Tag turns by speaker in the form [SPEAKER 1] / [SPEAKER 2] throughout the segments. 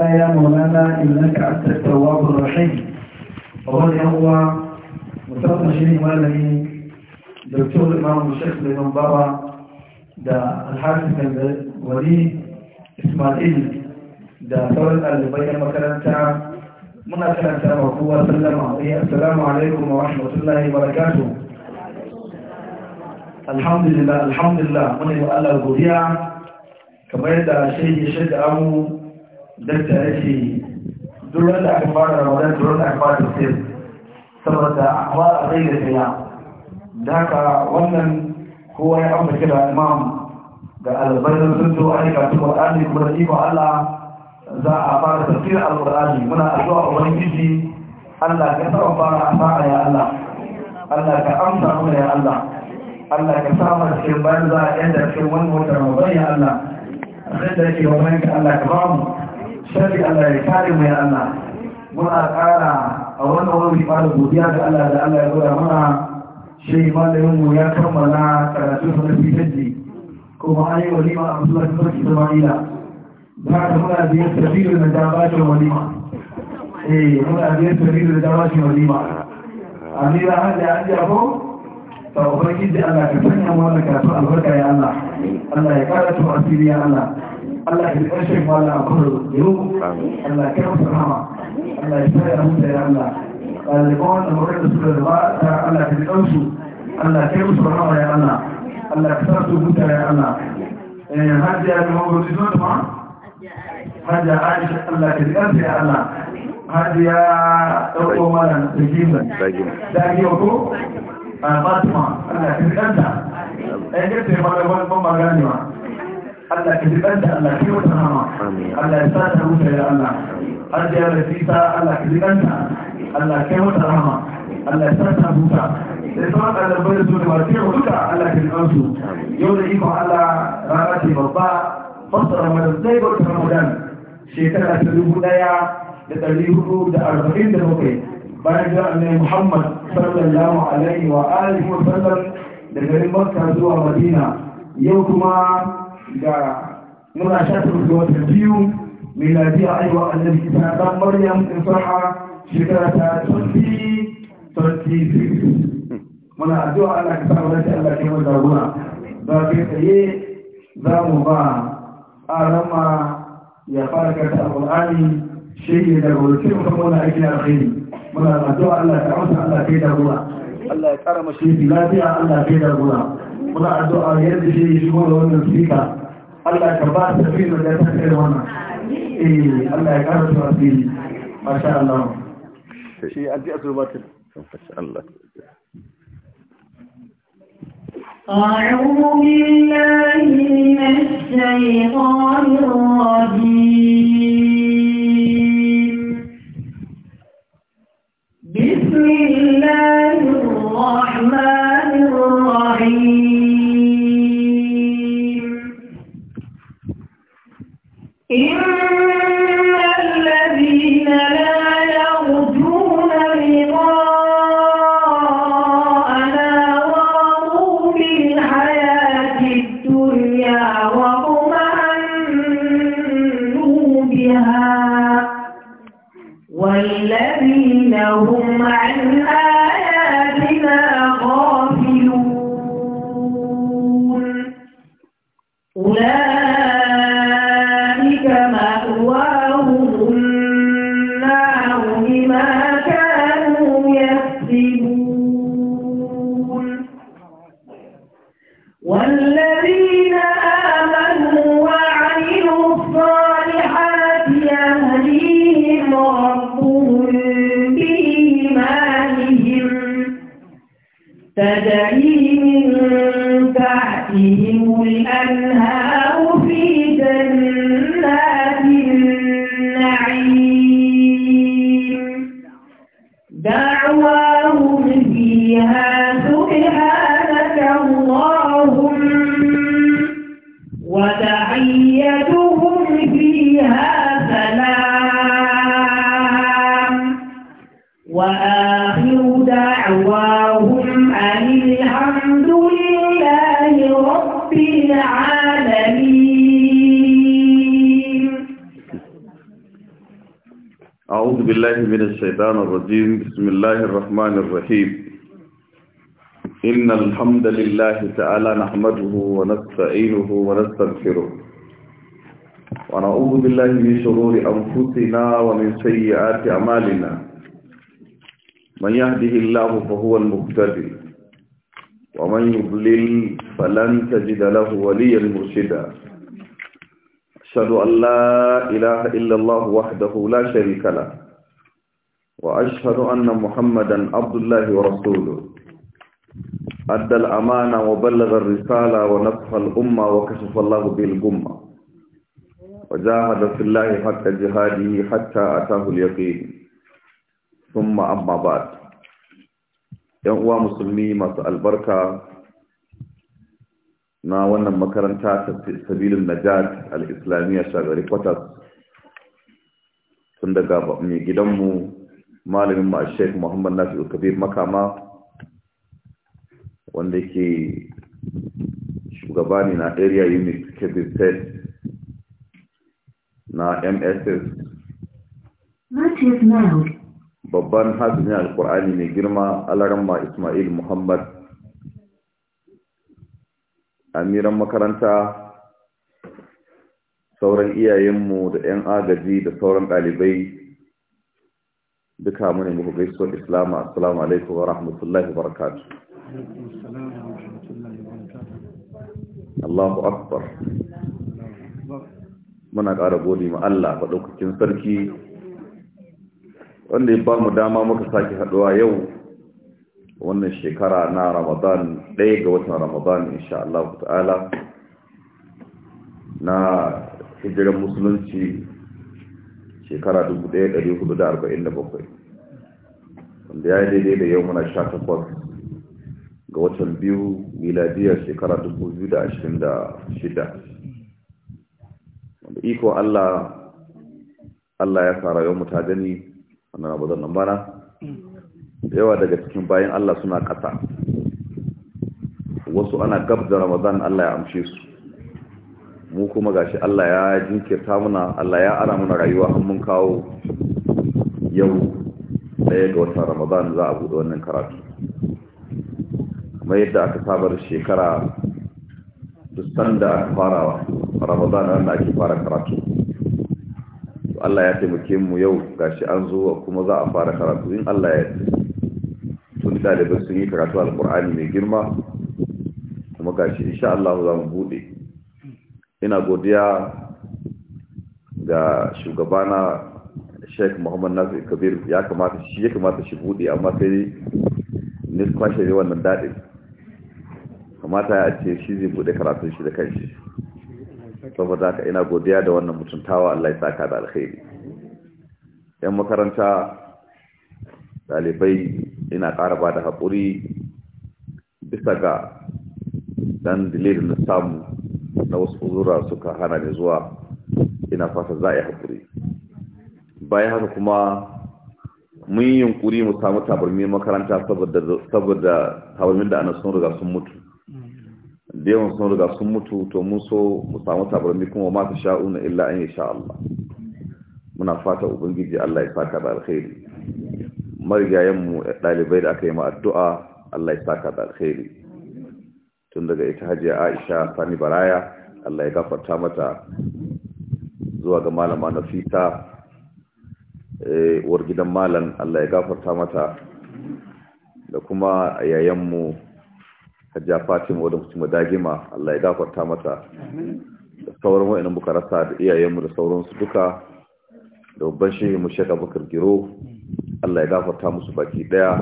[SPEAKER 1] لنا يا مولانا إنك أنت التواب الرحيم أولي هو مصطفى شيرين والذي دكتور إمام الشيخ بن بابا دا الحارس الولي إسماعيل دا ثورة البيع تاع من تاع وقوة سلم إيه، السلام عليكم ورحمة الله وبركاته الحمد لله الحمد لله من يؤلى الله كما يدعى شيء يشد أمو dakta ya ce duran da aka fara ramadan duran da aka fara tafsir saboda a fara bai da tsaya da haka wannan kowa ya amsa kira imam ga albarin sun zo an yi kasu qur'ani kuma da ikon allah za a fara tafsir al-qur'ani muna addu'a ubangiji Allah ka sa fara a sa'a ya Allah Allah ka amsa mana ya Allah Allah ka sa mu cikin banza yadda cikin wannan wata Ramadan ya Allah sai da ke wannan ka Allah ka ba mu shari Allah ya kare mai Allah muna ƙara a wannan wani fara godiya ga Allah da Allah ya zura mana shi malamin ya kammala karatu sa na fitanji kuma an yi walima a musulun sarki ila. za ka muna biyar sabiru da dabacin walima eh muna biyar sabiru da dabacin walima nira an da an jabo ta ubangiji Allah ka sanya mu wani karatu albarka ya Allah Allah ya kara tu asiri ya Allah Allah ya kashe mala abu yau Allah ya kafa rahama Allah ya tsaya musu ya Allah ɗaliban da murar da su da ba ta Allah ya kan su Allah ya kai musu rahama ya Allah Allah ya sa su huta ya Allah eh hajiya da mawuzi zo ma hajiya Aisha Allah ya kan ya Allah hajiya dauko mala da gimba da gimba ko Fatima Allah ya kan ta eh ke te malaman ban magana ne ma Allah ka jibar da Allah ke wata nama Allah ya sa ta wuce ya Allah hajjiya da fisa Allah ka jibar da Allah ke wata nama Allah ya sa ta wuta da sauran ɗalibai da su da wasu yau duka Allah ka jibar su yau da ikon Allah rana ce babba fasa ramadan zai bauta ramadan shekara ta dubu ɗaya da ɗari hudu da arba'in da bakwai bayan da annai muhammad sallallahu alaihi wa alihi wa sallam da garin makka zuwa madina yau kuma ga muna shafin da wata biyu miladiya aiwa annabi isa dan maryam in farha shekara ta 2026 muna addu'a Allah ka sa wadata Allah ke wanda guna ba kai tsaye za mu ba arama ya fara karta alqur'ani shi da wurin kuma muna aiki alkhairi muna addu'a Allah ka amsa Allah kai da guna Allah ya kara mashi lafiya Allah kai da guna muna addu'a yadda shi ya shigo da wannan sika Allah ka ba ta fi da ta kai wannan eh Allah ya kara su asiri masha Allah shi addu'a turbatin masha Allah
[SPEAKER 2] أعوذ بالله من الشيطان الرجيم بسم الله وآخر دعواهم أن الحمد لله رب العالمين
[SPEAKER 3] أعوذ بالله من الشيطان الرجيم بسم الله الرحمن الرحيم إن الحمد لله تعالى نحمده ونستعينه ونستغفره ونعوذ بالله من شرور أنفسنا ومن سيئات أعمالنا من يهده الله فهو المهتدي ومن يضلل فلن تجد له وليا مرشدا أشهد أن لا إله إلا الله وحده لا شريك له وأشهد أن محمدا عبد الله ورسوله أدى الأمانة وبلغ الرسالة ونصح الأمة وكشف الله بالأمة وجاهد في الله حتى جهاده حتى أتاه اليقين ثم أما yan uwa musulmi masu albarka na wannan makaranta ta sabilin najat al-islamiyya shagari kwatas tun daga mai gidanmu malamin ma sheik muhammad nafi'u kabir makama wanda ke shugaba ne na area unit kebbi na mss babban hadisin alkur'ani mai girma ma ismail muhammad amiran makaranta sauran iyayenmu da 'yan agaji da sauran ɗalibai duka mune muku gaisuwar islamu assalamu alaikum wa rahmatullahi wa barakatu Allahu akbar muna ƙara gode ma Allah faɗaukakin sarki wanda ya ba mu dama muka sake haduwa yau wannan shekara na ramadan ɗaya ga watan ramadan insha Allah ta'ala na hijirar musulunci shekara 1447 wanda ya yi daidai da yau muna sha takwas ga watan biyu miladiyar shekara 2026 wanda iko Allah Allah ya fara yau mutadani wannan abu zan bana yawa daga cikin bayan Allah suna ƙasa wasu ana gab da ramadan Allah ya amshe su mu kuma gashi Allah ya jinkirta muna Allah ya ara muna rayuwa har mun kawo yau ɗaya ga watan ramadan za a buɗe wannan karatu kamar yadda aka sabar shekara duk sanda farawa ramadan nan ake fara karatu Allah ya taimake mu yau gashi an zo kuma za a fara karatu in Allah ya tun ɗalibai sun yi karatu alƙur'ani mai girma kuma gashi insha Allah za mu buɗe ina godiya ga shugabana Sheikh Muhammad Nasir Kabir ya kamata shi ya kamata shi buɗe amma sai ne kwashe wannan dadin kamata ya ce shi zai buɗe karatun shi da kanshi saboda haka ina godiya da wannan mutuntawa Allah ya saka da alkhairi yan makaranta dalibai ina ƙara ba da haƙuri bisa ga dan dalilin na samu na wasu uzura suka hana ni zuwa ina fata za a yi haƙuri bayan haka kuma mun yi yunƙuri mu samu tabarmin makaranta saboda tabarmin da ana sun riga sun mutu da yawan sun riga sun mutu to mun so mu samu tabarmi kuma ma ta sha'u na illa an yi Allah muna fata ubangiji Allah ya saka da alkhairi mu dalibai da aka yi ma addu'a Allah ya saka da alkhairi tun daga ita hajiya Aisha Sani Baraya Allah ya gafarta mata zuwa ga malama Nafisa eh gidan malam Allah ya gafarta mata da kuma yayan mu. hajja fatima wadda kuma dagima Allah ya gafarta mata da sauran wa'annan muka rasa da iyayenmu da sauransu duka da babban shehi mu shaka bakar giro Allah ya gafarta musu baki daya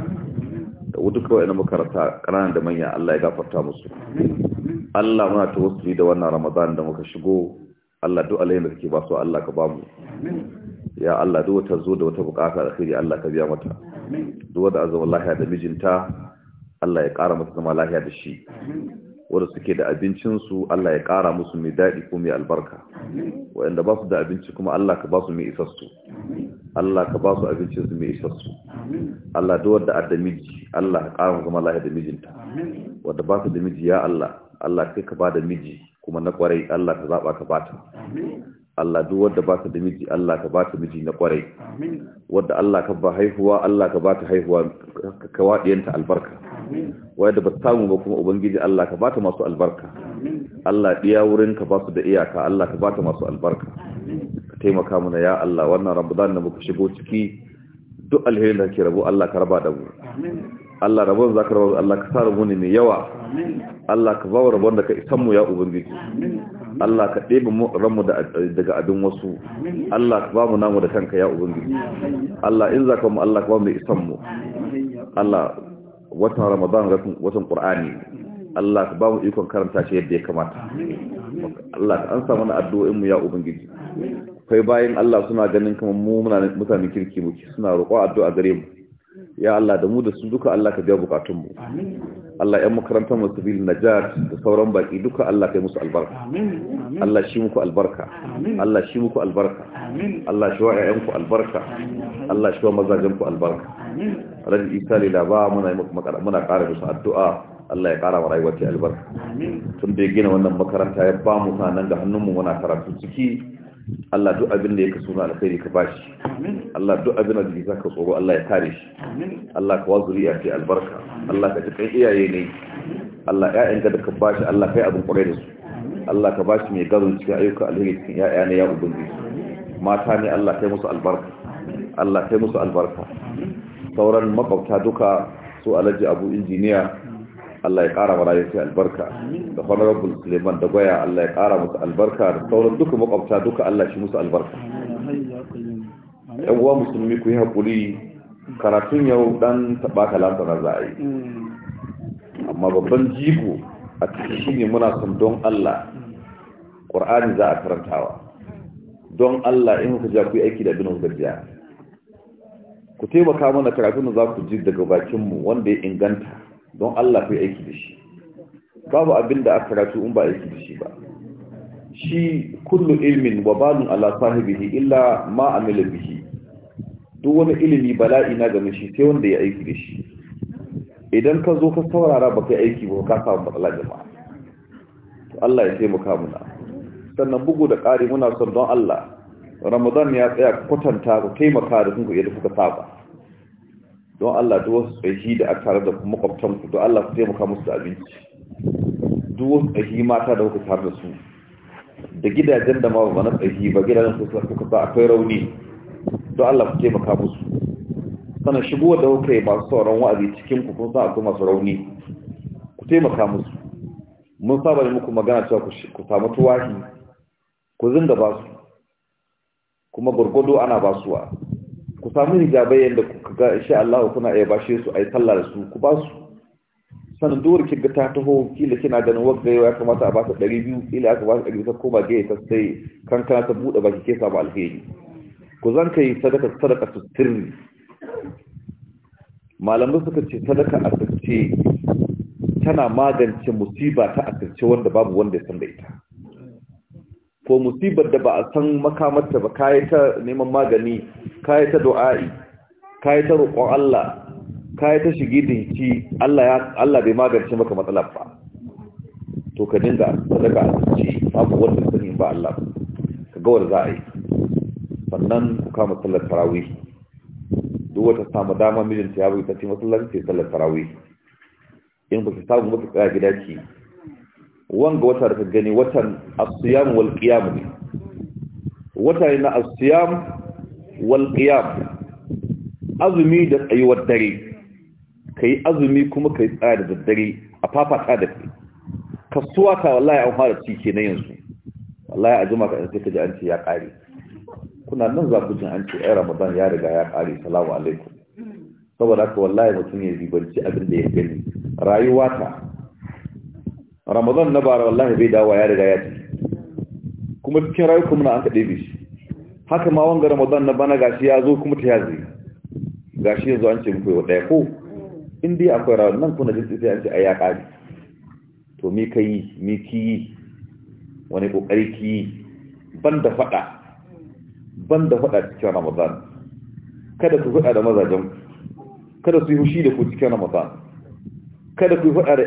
[SPEAKER 3] da duka wa'annan muka rasa ƙananan da manya Allah ya gafarta musu Allah muna wasu da wannan Ramadan da muka shigo Allah duk alayin da kake ba su Allah ka ba mu ya Allah duk wata zo da wata bukata khiri Allah ka biya mata duk wanda azza wallahi da mijinta Allah ya ƙara masu zama lahiya da shi Wadda suke da abincinsu Allah ya ƙara musu mai daɗi ko mai albarka waɗanda ba su da abinci kuma Allah ka ba su mai isassu Allah ka ba su abincinsu mai isassu Allah duk wanda adda miji Allah ka ƙara zama lahiya da mijinta Wadda ba su da miji ya Allah Allah kai ka ba da miji kuma na ƙwarai Allah ka zaɓa ka bata Allah duk wanda ba ta da miji Allah ka ba ta miji na ƙwarai Wadda Allah ka ba haihuwa Allah ka ba ta haihuwa ka waɗiyanta albarka wadda ba samu ba kuma ubangiji Allah ka bata masu albarka Allah diya wurin ka basu da iyaka Allah ka bata masu albarka ka taimaka mana ya Allah wannan Ramadan da muka shigo ciki duk alherin da ke rabu Allah ka raba da mu Allah rabon zaka rabu Allah ka sa rabu ne mai yawa Allah ka ba rabon da ka isan mu ya ubangiji Allah ka ɗebe ranmu daga abin wasu
[SPEAKER 4] Allah ka ba mu
[SPEAKER 3] namu da kanka ya ubangiji Allah in za ka mu Allah ka ba mu isan mu Allah watan ramadan watan qur'ani Allah ka ba mu ikon karanta shi yadda ya kamata Allah ka an samu addu'o'in mu ya ubangiji kai bayan Allah suna ganin kamar mu muna mutanen kirki muke suna roƙo addu'a gare mu ya Allah da mu da su duka Allah ka biya bukatunmu Allah ‘yan makarantar masu na najat da sauran baki duka Allah yi musu albarka Allah shi muku albarka Allah shi muku albarka Allah shi wa ‘ya'yanku albarka Allah shi wa mazajenku albarka Rabi da ba muna ƙara musu addu'a Allah ya ƙara wa rayuwar albarka tun da ya gina wannan makaranta ya ba mu nan da hannunmu muna karatu ciki Allah duk abin da ya kasu na alkhairi ka bashi Allah duk abin da jiki zaka tsoro Allah ya kare shi Allah ka wazuri ya ce albarka Allah ka tukai iyaye ne Allah ƴaƴanka da ka bashi Allah kai abin kwarai da su Allah ka bashi mai garin cikin ayyuka alheri cikin ƴaƴa ne ya ubangiji mata ne Allah kai musu albarka Allah kai musu albarka sauran makwabta duka su alaji abu injiniya Allah ya ƙara mara yake albarka da honorable Suleiman da Goya. Allah ya ƙara musu albarka da sauran duka makwabta duka Allah shi musu albarka yan uwa musulmi ku yi haƙuri karatun yau ɗan taɓa kalanta na za yi amma babban jigo a cikin shi ne muna son don Allah ƙwar'ani za a karantawa don Allah in ku ja ku yi aiki da binin gajiya ku taimaka mana karatun da za ku ji daga bakinmu wanda ya inganta don Allah ku yi aiki da shi babu abin da aka karatu in ba aiki da shi ba shi kullu ilmin wa balun ala sahibihi illa ma amila bihi duk wani ilimi bala'i na game shi sai wanda ya aiki da shi idan ka zo ka saurara ba kai aiki ba ka samu matsala jama'a to Allah ya taimaka muna sannan bugu da ƙari muna son don Allah Ramadan ya tsaya kwatanta ku taimaka da kunku yadda kuka saba don Allah duk wasu tsayi da aka tare da makwabtanku don Allah ku taimaka musu da abinci duk wasu tsayi mata da kuka tare da su da gidajen da ma ba na tsayi ba gidajen su suka sa akwai rauni don Allah ku taimaka musu sana shigo da kuka yi masu sauran wa'azi cikin ku kun sa akwai masu rauni ku taimaka musu mun saba da muku magana cewa ku samu tuwahi ku zinga ba su kuma gurgudu ana ba su wa ku samu hijabai yadda ku ga insha Allah kuna iya bashe su a yi sallah da su ku ba su sannan duwar ki ga ta taho kila kina ganin wagga ya kamata a basa ɗari biyu kila aka basa ɗari ta koma gaya ta sai kankana ta buɗe baki ke samu alheri ku zan kai sadaka sadaka su sirri malamai suka ce sadaka a sirce tana magance musiba ta a sirce wanda babu wanda ya san da ita ko musibar da ba a san makamarta ba kayi ta neman magani kayi ta du'a'i kayi ta roƙon Allah kai ta shigi dinci Allah ya Allah bai magance maka matsalar ba to ka dinga sadaka ci babu wanda sani ba Allah ka ga wanda za a yi sannan ku kama sallar tarawih duk wata samu dama mijinta ya bai ta ce masallaci ce sallar tarawih in ba ka samu maka tsaya gida ki wanga wata da ka gani watan asiyam wal qiyam ne wata ne na asiyam wal qiyam azumi da tsayuwar dare ka yi azumi kuma ka yi tsaya da daddare a fafata da kai kasuwa ka wallahi an fara ci ke na yanzu wallahi a jima ka yin sai ka ji an ce ya ƙare kuna nan za ku jin an ce ɗaya ramadan ya riga ya ƙare salamu alaikum saboda haka wallahi mutum ya ribanci abin da ya gani rayuwa ta ramadan na bara wallahi bai dawo ya riga ya ci kuma cikin rayuwa kuma na an ka ɗebe shi haka ma wanga ramadan na bana gashi ya zo kuma ta yazi gashi yanzu an ce kai wa ɗaya ko in dai akwai rawar nan kuna jinsi sai an ce ai ya ƙari to me ka yi me ki yi wani ƙoƙari ki yi ban da faɗa ban da faɗa cikin ramadan kada ku faɗa da mazajen kada su yi hushi da ku cikin ramadan kada ku faɗa da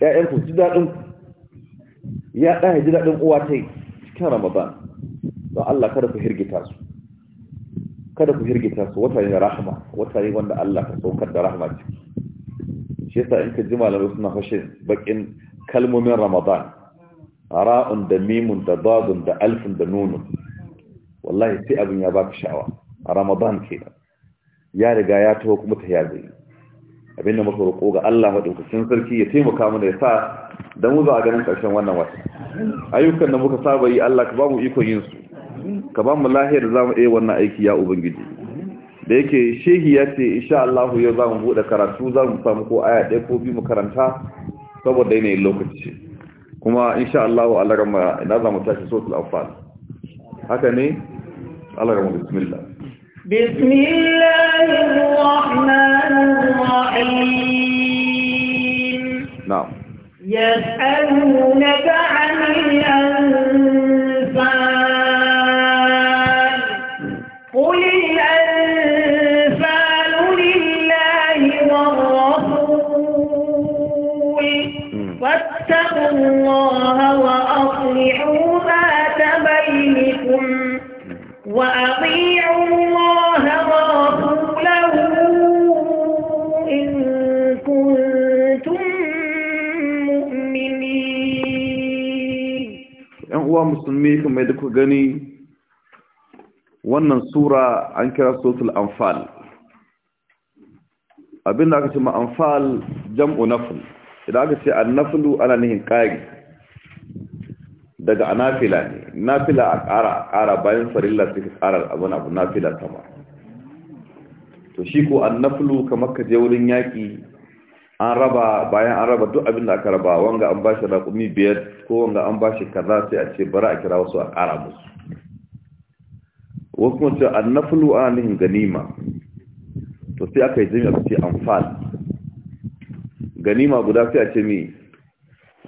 [SPEAKER 3] ƴaƴan ku ji daɗin ya ɗaya ji daɗin uwa ta cikin ramadan don Allah kada ku hirgita su kada ku hirgita su wata ne rahama wata ne wanda Allah ka saukar da rahama ciki shi yasa in ka ji malamai suna fashin bakin kalmomin Ramadan ra'un da mimun da dadun da alfin da nunun wallahi sai abin ya baka sha'awa a Ramadan ke ya riga ya taho kuma ta yaje abinda muka roƙo ga Allah madaukakin sarki ya taimaka mana ya sa da mu za a ganin ƙarshen wannan wata ayyukan da muka saba yi Allah ka ba mu iko yin su ka ba mu lahiyar za mu iya wannan aiki ya ubangiji da yake shehi ya ce isha allahu yau za mu buɗe karatu za mu samu ko aya ɗaya ko biyu mu karanta saboda yanayin lokaci kuma insha allahu Allah rama ina za mu tashi sautul anfal haka ne Allah gama, bismillah
[SPEAKER 2] bismillahir rahmanir rahim na'am yas'alunaka 'anil
[SPEAKER 3] kamar da ku gani wannan sura an kira sosul amfal abinda aka ce ma amfal jam'u naful. idan aka ce annaflu ana nihin kari daga anafila ne nafila a ƙara ƙara bayan farilla suka kara abin abu nafila sama to shi ko annaflu kamar ka je wurin yaƙi an raba bayan an raba duk abin da aka raba wanga an bashi raƙumi biyar ko wanga an bashi kaza sai a ce bari a kira wasu a ƙara musu wasu mace ce na fulu anihin ganima to sai aka yi jami'a su ce amfal ganima guda sai a ce mi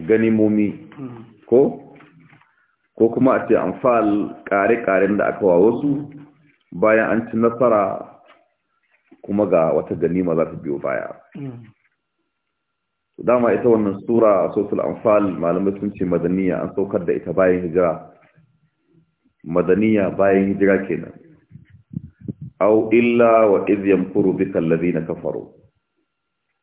[SPEAKER 3] ganimomi ko ko kuma a ce amfal ƙare-ƙaren da aka wa wasu bayan an ci nasara kuma ga wata ganima za ta biyo baya mm. to dama ita wannan sura a suratul anfal malamai sun ce madaniya an saukar da ita bayan hijira madaniya bayan hijira kenan Au illa wa idh yamkuru bika alladhina kafaru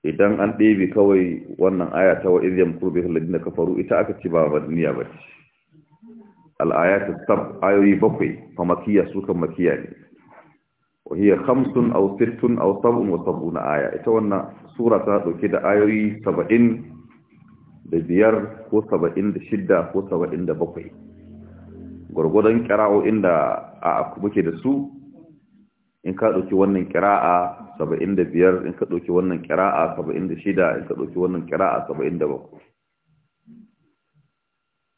[SPEAKER 3] idan an ɗebe kawai wannan aya ta wa idh yamkuru bika alladhina kafaru ita aka ci ba madaniya ba ce al-ayatu sab ayoyi bakwai fa makiya su kan makiya ne wa hiya khamsun aw sittun aw sab'un wa sab'una aya ita wannan sura ta dauke da ayoyi saba'in da biyar ko saba'in da shidda ko saba'in da bakwai gwargwadon kira'o'in da a muke da su in ka ɗauki wannan kira'a saba'in da biyar in ka ɗauki wannan kira'a saba'in da shida in ka ɗauki wannan kira'a saba'in da bakwai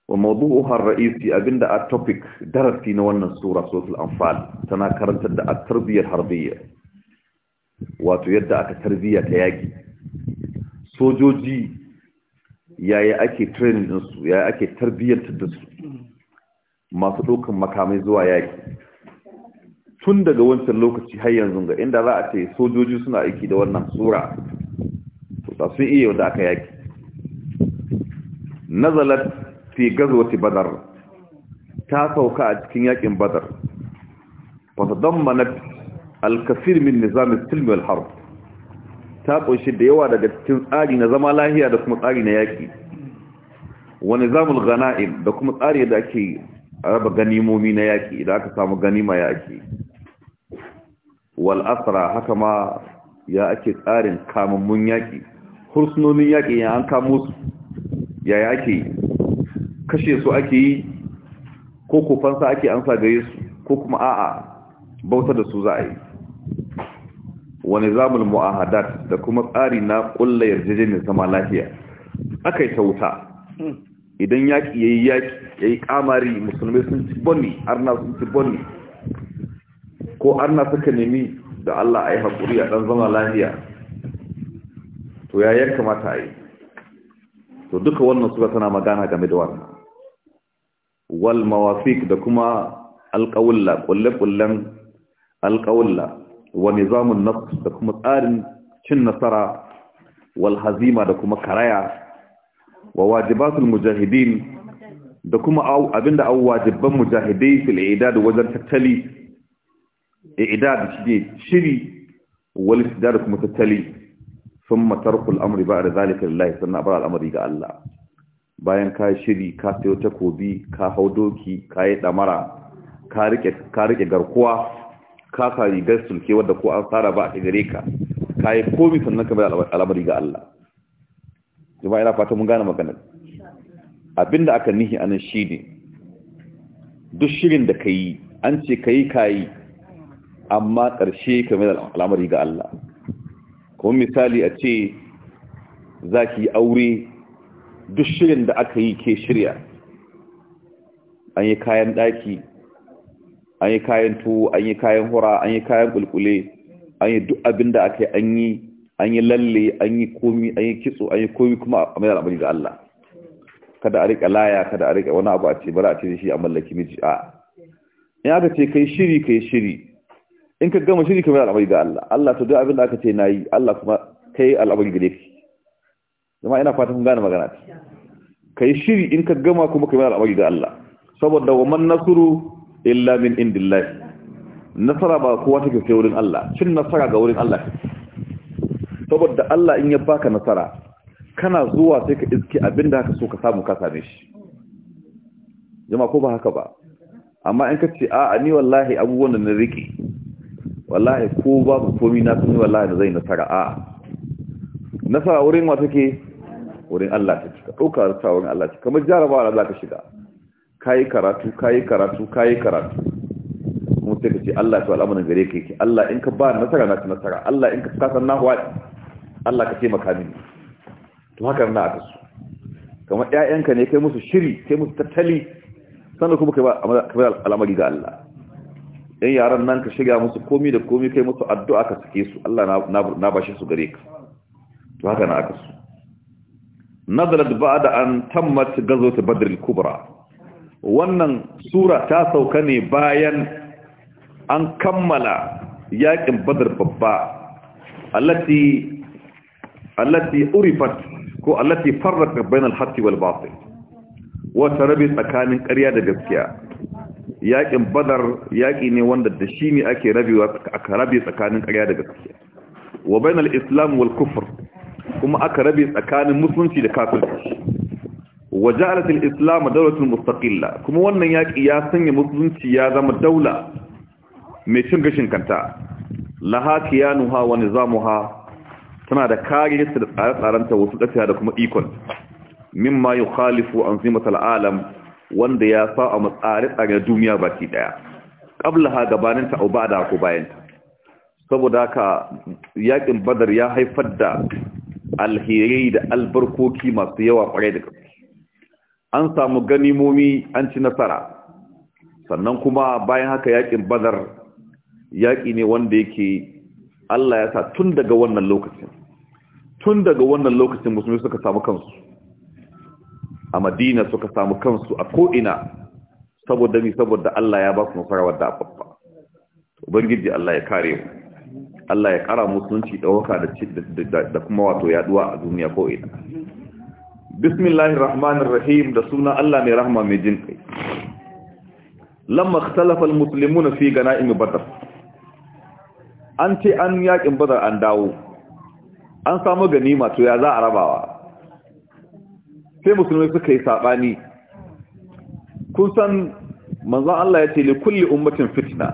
[SPEAKER 3] wa mawdu'uha ar-ra'isi abinda a topic darasi na wannan sura suratul anfal tana karantar da at-tarbiyyah harbiyya wato yadda aka tarbiyya ta yaki sojoji yayi ake training su yayi ake tarbiyyantar da su masu ɗaukan makamai zuwa yaki tun daga wancan lokaci har yanzu ga inda za a ce sojoji suna aiki da wannan sura to ta sun iya da aka yaki nazalat fi gazwati badar ta sauka a cikin yakin badar fa tadammanat alkafir min nizamin silmi wal harb ta ƙunshi da yawa daga cikin tsari na zama lahiya da kuma tsari na yaki wa nizamul ghana'im da kuma tsari da ake raba ganimomi na yaki idan aka samu ganima ya ake wal asra haka ma ya ake tsarin kamammun yaki hursunonin yaki ya an kamo su ya ake kashe su ake yi ko kofansa ake ansa gare su ko kuma a'a bauta da su za a yi Wani zamun mu'ahadat da kuma tsari na kulla yarjejeniyar zama lafiya yi ta wuta idan yaki yayi yaki yi kamari musulmai sun ci bonni arna sun ci bonni ko arna suka nemi da Allah a yi haƙuri a ɗan zama lafiya to ya yanka mata yi. to duka wannan suka tana magana game da wannan wal mawafik da kuma alƙawulla, ƙulle-ƙullen alƙawulla. wa nizamun nafs da kuma tsarin cin nasara wal hazima da kuma karaya wa wajibatul mujahidin da kuma abinda an wajibban mujahidai fil idad wajen tattali idad shine shiri wal istidad kuma tattali thumma al amri ba'da zalika lillahi sannan bar amri ga Allah bayan ka shiri ka sayo takobi ka hau doki ka yi damara ka rike garkuwa ka rigar sulke wadda ko an tsara ba a gare ka ka yi komi sannan ka bai al'amari ga Allah jama'a ina fata mun gane magana abinda aka nihi anan shi ne duk shirin da ka yi an ce ka yi ka yi amma ƙarshe ka mai al'amari ga Allah kuma misali a ce za ki yi aure duk shirin da aka yi ke shirya an yi kayan ɗaki an yi kayan tuwo an yi kayan hura an yi kayan kulkule an yi duk abin da aka yi an yi an yi lalle an yi komi an yi kitso an yi komi kuma a mai al'amari ga Allah kada a rika laya kada a rika wani abu a ce bari a ce shi a mallaki miji a in aka ce kai shiri kai shiri in ka gama shiri kamar al'amari ga Allah Allah to duk abin da aka ce nayi Allah kuma kai al'amari gare ki Zama ina fatan kun gane magana ta kai shiri in ka gama kuma kamar al'amari ga Allah saboda wa man nasuru illa min indillahi nasara ba kowa take sai wurin Allah cin nasara ga wurin Allah saboda Allah in ya baka nasara kana zuwa sai ka iske abinda ka so ka samu ka same shi jama'a ko ba haka ba amma in ka ce a'a ni wallahi abubuwan da na rike wallahi ko ba ku komi na sun wallahi da zai nasara a'a nasara wurin wa take wurin Allah take ka dauka ta wurin Allah take kamar jarabawa da ka shiga kayi karatu kayi karatu kayi karatu kuma sai ka ce Allah to al'amarin gare ka yake Allah in ka ba nasara na nasara Allah in ka kasan na huwa Allah ka taimaka mini to haka na aka so kamar ƴaƴanka ne kai musu shiri kai musu tattali sannan kuma kai ba al'amari ga Allah dan yaran nan ka shiga musu komi da komi kai musu addu'a ka sake su Allah na bashi su gare ka to haka na aka su nazarat ba'da an tammat gazwat badr al-kubra wannan sura ta sauka ne bayan an kammala yakin badar babba allati allati urifat ko allati farraqat bainal haqqi wal batil wata rabi tsakanin ƙarya da gaskiya yakin badar yaki ne wanda da shi ne ake rabewa aka rabe tsakanin ƙarya da gaskiya wa bainal islam wal kufr kuma aka rabe tsakanin musulunci da kafirci wa ja'alat al-islam dawlatun mustaqilla kuma wannan yaki ya sanya musulunci ya zama daula mai cin gashin kanta laha kiyanuha wa nizamuha tana da kariyar da tsare-tsarenta wasu da kuma ikon mimma yukhalifu anzimat al-alam wanda ya sa a tsare-tsaren duniya baki daya qablaha gabaninta au da ko bayanta saboda haka yakin badar ya haifar da alherai da albarkoki masu yawa kwarai da gaske an samu ganimomi an ci nasara sannan kuma bayan haka yakin badar yaki ne wanda yake Allah ya sa tun daga wannan lokacin tun daga wannan lokacin musulmi suka samu kansu a madina suka samu kansu a ko'ina saboda mi saboda Allah ya ba su nasara wadda ababba ubangiji Allah ya kare mu Allah ya kara musulunci waka da kuma wato yaduwa a duniya ko'ina Bismillahi rahmanir rahim da suna Allah mai rahma mai jin kai lamma ikhtalafa almuslimuna fi ganaim badr an ce an yakin badar an dawo an samu ganima to ya za a rabawa sai musulmai suka yi sabani kun san manzon Allah ya ce li kulli ummatin fitna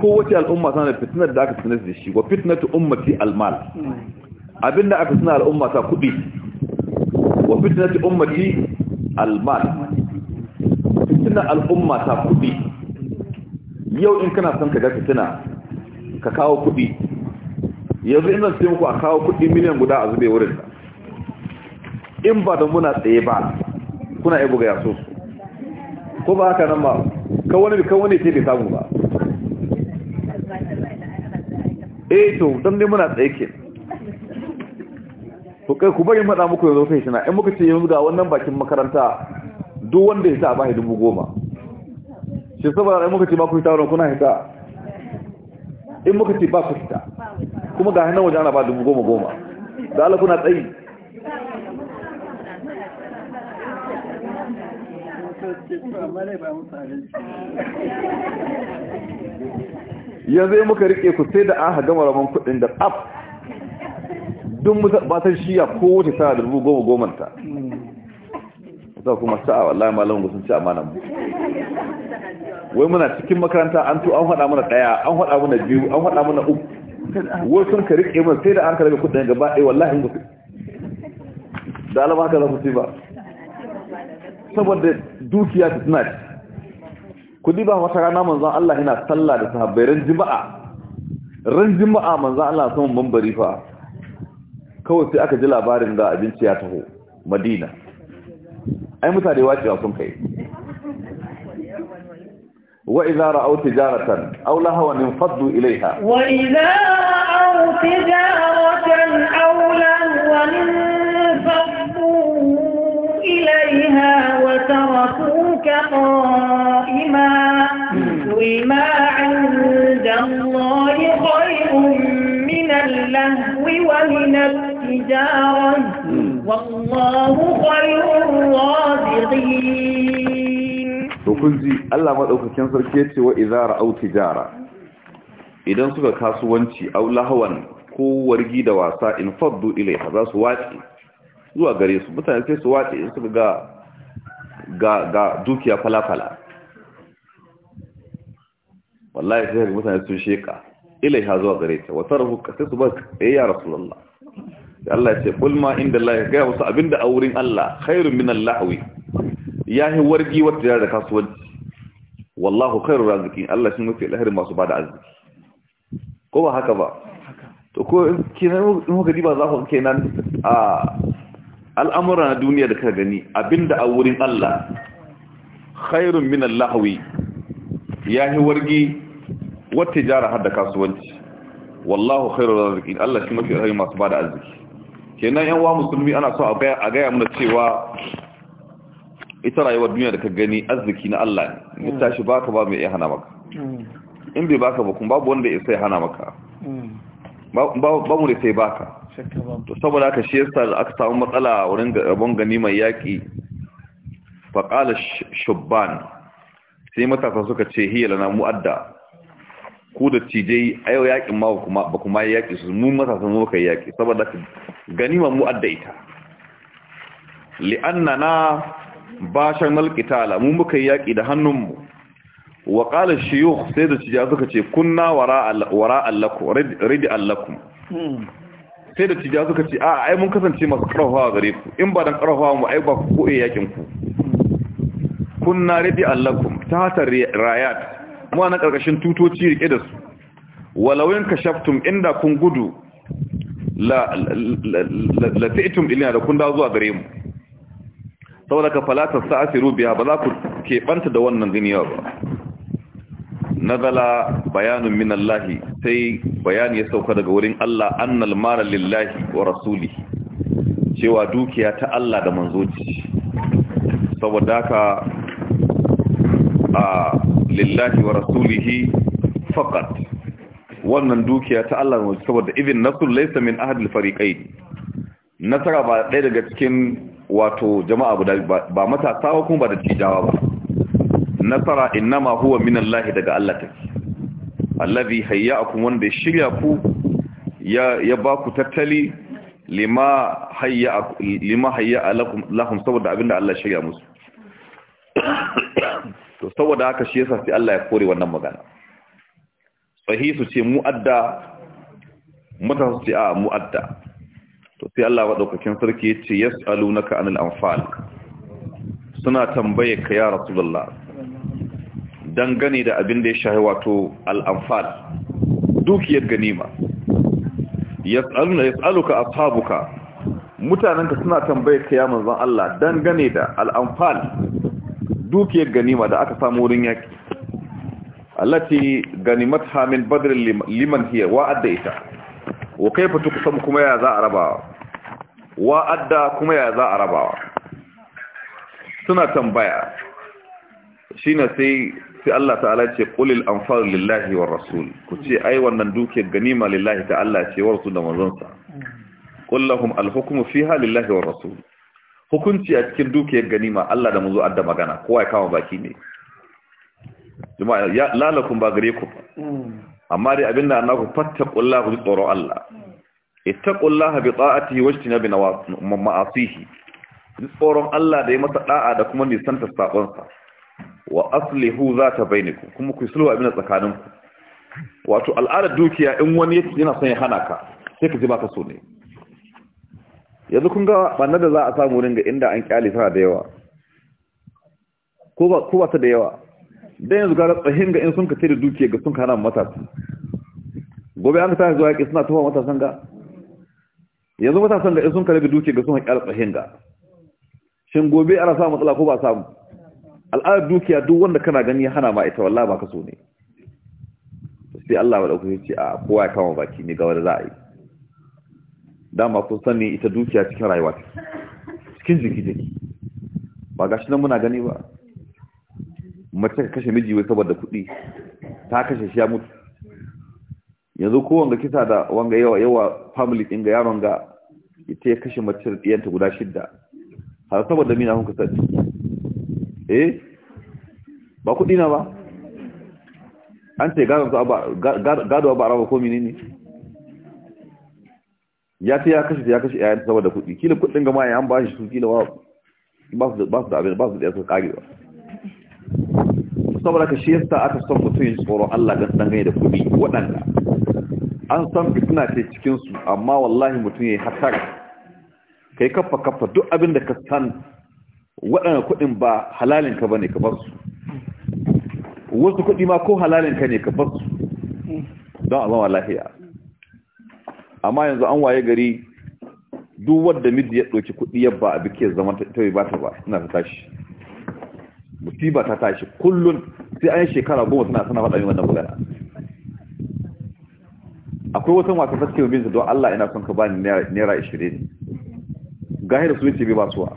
[SPEAKER 3] kowace al'umma tana da fitnar da aka sanar da shi wa fitnatu ummati almal abinda aka sanar al'umma ta kudi wa fitnati ummati al-mal fitina al'umma ta kudi yau in kana son ka ga fitina ka kawo kudi yanzu ina zan taimako a kawo kudi miliyan guda a zube wurin in ba da muna tsaye ba kuna iya buga yaso ko ba haka nan ba kan wani kan wani ce bai samu ba eh to dan ne muna tsaye kenan to kai ku bari matsa muku yanzu kai shina in muka ce yanzu ga wannan bakin makaranta duk wanda ya sa a bashi dubu goma shi saboda in muka ce ba ku fita wani kuna hita in muka ce ba ku fita kuma ga hannun waje ana ba dubu goma goma da ala kuna tsayi yanzu yi muka rike ku sai da an haga man kudin da tsaf duk matan shiya ko wata tana da rubu goma goma ta za kuma sa'a wallahi ma ku sun ci amana mu wai muna cikin makaranta an to an hada mana ɗaya an hada mana biyu an hada mana uku wai sun ka riƙe mana sai da an ka rage kudin gaba ɗaya wallahi mutu da alama haka za ku ci ba saboda dukiya ta tana ci kuɗi ba wata rana manzon Allah yana sallah da sahabbai ran jima'a ran jima'a manzon Allah sun mambari fa kawai sai aka ji labarin da abinci ya taho madina ai mutane wacewa sun kai وإذا رأوا تجارة أو لهوا انفضوا إليها
[SPEAKER 2] وإذا رأوا تجارة أو لهوا انفضوا إليها وتركوك قائما قل ما عند الله خير من اللهو ومن الأرض جارا والله خير الرازقين
[SPEAKER 3] Allah الله sarki سركي wa واذا راوا tijara. idan suka kasuwanci au lahawan ko wargi da wasa in faddu ilaiha za su wace zuwa gare su mutane sai su wace in suka ga ga ga dukiya falafala wallahi sai mutane sun sheka ilaiha zuwa gare ta wa tarahu sai su ba eh, ya rasulullah da Allah ce kulma inda Allah ya gaya wasu abinda a wurin Allah khairun min al-lahwi yahi wargi wata yara da kasuwanci wallahu khairur raziqin Allah shi mafi lahir masu bada arziki ko ba haka ba to ko kenan in kuka diba za ku kenan a al'amura na duniya da ka gani abinda a wurin Allah khairun min al-lahwi yahi wargi wata tijara har da kasuwanci wallahu khairur raziqin Allah shi mafi rahim masu bada arziki kenan yan uwa musulmi ana so a gaya mana cewa ita rayuwar duniya da ka gani arziki na Allah ne ya tashi baka ba mai iya hana maka mm. in bai baka ba kuma babu wanda ya sai hana maka mm. ba mu da sai baka to saboda aka shi yasa aka samu matsala wurin rabon gani mai yaƙi faƙalar shubban sai matasa suka ce hiyar na mu'adda ku da cijai a yau yakin ma ba kuma yi yaƙi su mun matasa mu kai yaƙi saboda ma mu adda ita li'anna na bashan malqitala mu muka yaƙi da hannunmu wa qala shuyukh sai da cijai suka ce kunna wara wara allakum ridi allakum hmm. sai da cijai suka ce a ai mun kasance masu karfafa gare ku in ba dan karfafa mu ai ba ku yaƙin ku hmm. kunna ridi allakum ta ta rayat mu na ƙarƙashin tutoci riƙe da su walawin kashaftum inda kun gudu la la ilina da kun zuwa gare mu saboda ka falata sa'asiru biya ba za ku keɓanta da wannan duniya ba nazala bayanin min Allah sai bayani ya sauka daga wurin Allah annal mara lillahi wa rasuli cewa dukiya ta Allah da manzoci saboda ka a lillahi wa rasulihi faqat wannan dukiya ta Allah ne saboda idin nasr laysa min ahad al-fariqayn nasara ba ɗaya daga cikin wato jama'a ba matasa ba kuma ba da tijawa ba nasara innama huwa min Allah daga Allah take allazi hayya'akum wanda shirya ku ya ya ba ku tattali lima hayya lima hayya lakum lahum saboda abinda Allah shirya musu to saboda haka shi yasa sai Allah ya kore wannan magana sahi su ce mu'adda mata su ce a mu'adda to sai Allah daukakin sarki yace yas'alunaka anil anfal suna tambaye ka ya rasulullah dangane da abin da ya shahi wato al anfal dukiyar ganima yas'aluna yas'aluka ashabuka ka suna tambaye ka ya manzon Allah dangane da al anfal dukiyar ganima da aka samu wurin yaki allati ganimat min badr liman hiya wa adda ita wa kaifa tuqsam kuma ya za a rabawa wa adda kuma ya za a rabawa suna tambaya shine sai sai Allah ta'ala ce qulil anfal lillahi war rasul ku ce ai wannan dukiyar ganima lillahi ta'ala ce wa rasul da manzon sa qul lahum al hukmu fiha lillahi war rasul hukunci a cikin dukiyar ganima Allah da muzo adda magana kowa ya kama baki ne jama'a ya lalakun ba gare ku amma dai abinda annaku fattaqullaha bi tsoro Allah ittaqullaha bi ta'atihi ijtinabi ma'asihi tsoron Allah da ya masa da'a da kuma nisanta sabonsa wa aslihu zata bainakum kuma ku sulhu abin tsakaninku wato al'adar dukiya in wani yana son ya hana ka sai ka ji baka so ne yanzu kun ga bannar da za a samu ringa inda an kyale tana da yawa ko ba ta da yawa don yanzu gara tsahin ga in sun ka tere dukiya ga sun hana matasa gobe an ka ta zuwa yaƙi suna tuwa matasan ga yanzu matasan ga in sun ka karabi dukiya ga sun haƙi tsahin ga shin gobe ana samu matsala ko ba samu al'adar dukiya duk wanda kana gani ya hana ma ita wallahi ba ka so ne sai Allah ya ɗauki ce a kowa ya kama baki ne ga wanda za a yi dama kun sani ita dukiya cikin rayuwa cikin jiki jiki ba gashi nan muna gani ba mace ka kashe miji wai saboda kuɗi ta kashe shi ya mutu yanzu ko wanga kisa da wanga yawa yawa family ɗin ga yaron ga ita ya kashe mace ɗiyanta guda shidda har saboda mina kun sani. eh ba kuɗi na ba an ce gado ba a raba ko menene ne ya ta ya kashe ya kashe ƴaƴan saboda kuɗi kila kuɗin gama ya an bashi su kila ba su ba su da abin ba su da su kage ba saboda ka shi sa aka son mutum yin tsoron Allah dan dangane da kuɗi waɗanda an san fitina ce cikin su amma wallahi mutum yayi Ka kai kafa kafa duk abin da ka san waɗanda kuɗin ba halalin ka bane ka bar su wasu kuɗi ma ko halalin ka ne ka bar su don a zama lafiya amma yanzu an waye gari duk wanda miji ya ɗauki kuɗi ya ba a bikin zaman ta bai ba ta ba ina ta tashi musiba ta tashi kullum sai an shekara goma suna sana faɗa min wannan magana akwai wata wasan fasike cewa binta don Allah ina son ka bani naira ashirin gahi da su yace bai ba suwa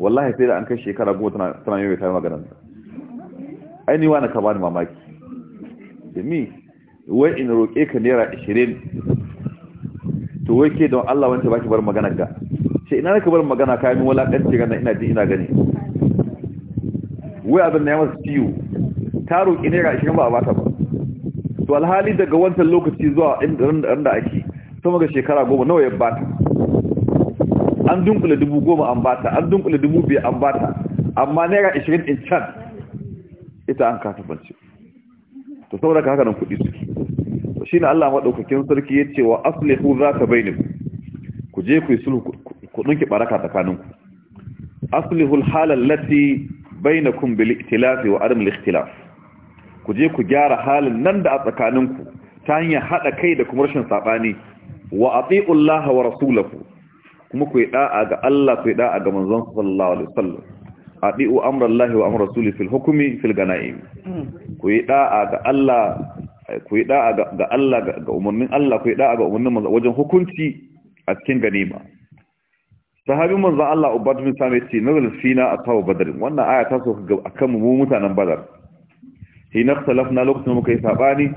[SPEAKER 3] wallahi sai da an kai shekara goma tana tana yi ta magana ai ni wani ka ba ni mamaki da mi wai in roƙe ka naira ishirin? to wai ke don Allah wanda baki bar magana ga Sai ina nake bar magana kai min walakanci ga ina ji ina gani wai abin da ya masa ciwo ta roƙi ga shirin ba a bata ba to alhali daga wancan lokaci zuwa inda da ake sama ga shekara goma nawa ya bata an dunkule dubu goma an bata an dunkule dubu biyu an bata amma naira 20 in can ita an kasa bance to saboda haka nan kuɗi suke shine Allah maɗaukakin sarki ya ce wa aslihu bai bainakum ku je ku yi sulhu ku ɗunki baraka tsakaninku aslihu lati bai na bainakum bil ikhtilaf wa adam al-ikhtilaf ku je ku gyara halin nan da a tsakaninku ta hanyar haɗa kai da kuma rashin sabani wa ati'u Allah wa rasulahu kuma ku yi da'a ga Allah ku yi da'a ga manzon sallallahu alaihi wasallam ati'u amrallahi wa amr rasuli fil hukmi fil ganaim ku yi da'a ga Allah ku yi da'a ga Allah ga umarnin Allah ku yi da'a ga umarnin manzo wajen hukunci a cikin ganima sahabi manzo Allah Ubad bin Samit ce nazal fina ataw badr wannan aya ta so ga akan mu mutanen badar hina ikhtalafna lokacin muka yi sabani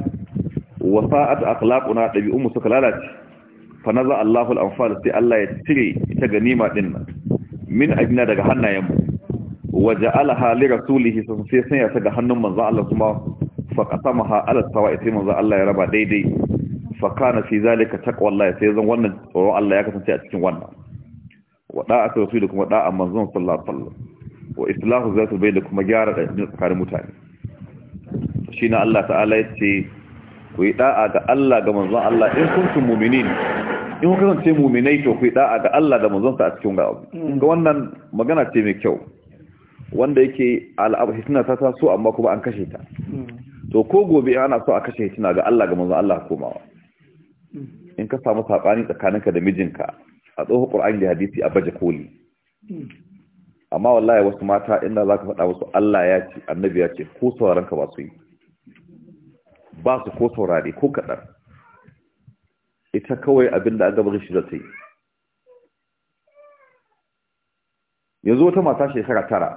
[SPEAKER 3] wa sa'at akhlaquna dabi'un mu suka lalace fa nazal Allah al-anfal sai Allah ya cire ita ganima din nan min ajna daga hannayen mu waja'alaha li rasulihi sai sai ya ga hannun manzo Allah kuma faqasamaha ala sawa'i sai manzo Allah ya raba daidai fa kana fi zalika ya sai zan wannan tsoron Allah ya kasance a cikin wannan wa da'atu rasul kuma da'a manzon sallallahu alaihi wasallam wa islahu zatu bai da kuma gyara da tsakanin mutane shi na Allah ta'ala yace ku yi da'a ga Allah ga manzon Allah in kuntum mu'minin in kun kasance mu'minai to ku yi da'a ga Allah da manzon sa a cikin ga wannan magana ce mai kyau wanda yake al'abu hisna ta taso amma kuma an kashe ta to ko gobe ana so a kashe tuna ga Allah ga manzon Allah komawa in ka samu sabani tsakaninka da mijinka a tsohon Qur'ani da hadisi a baje koli amma wallahi wasu mata inda zaka faɗa wasu Allah ya ce annabi ya ce ko sauraron ka ba su yi ba su ko saurare ko kaɗan ita kawai abin da aka bari shi zata yi yanzu wata mata shekara tara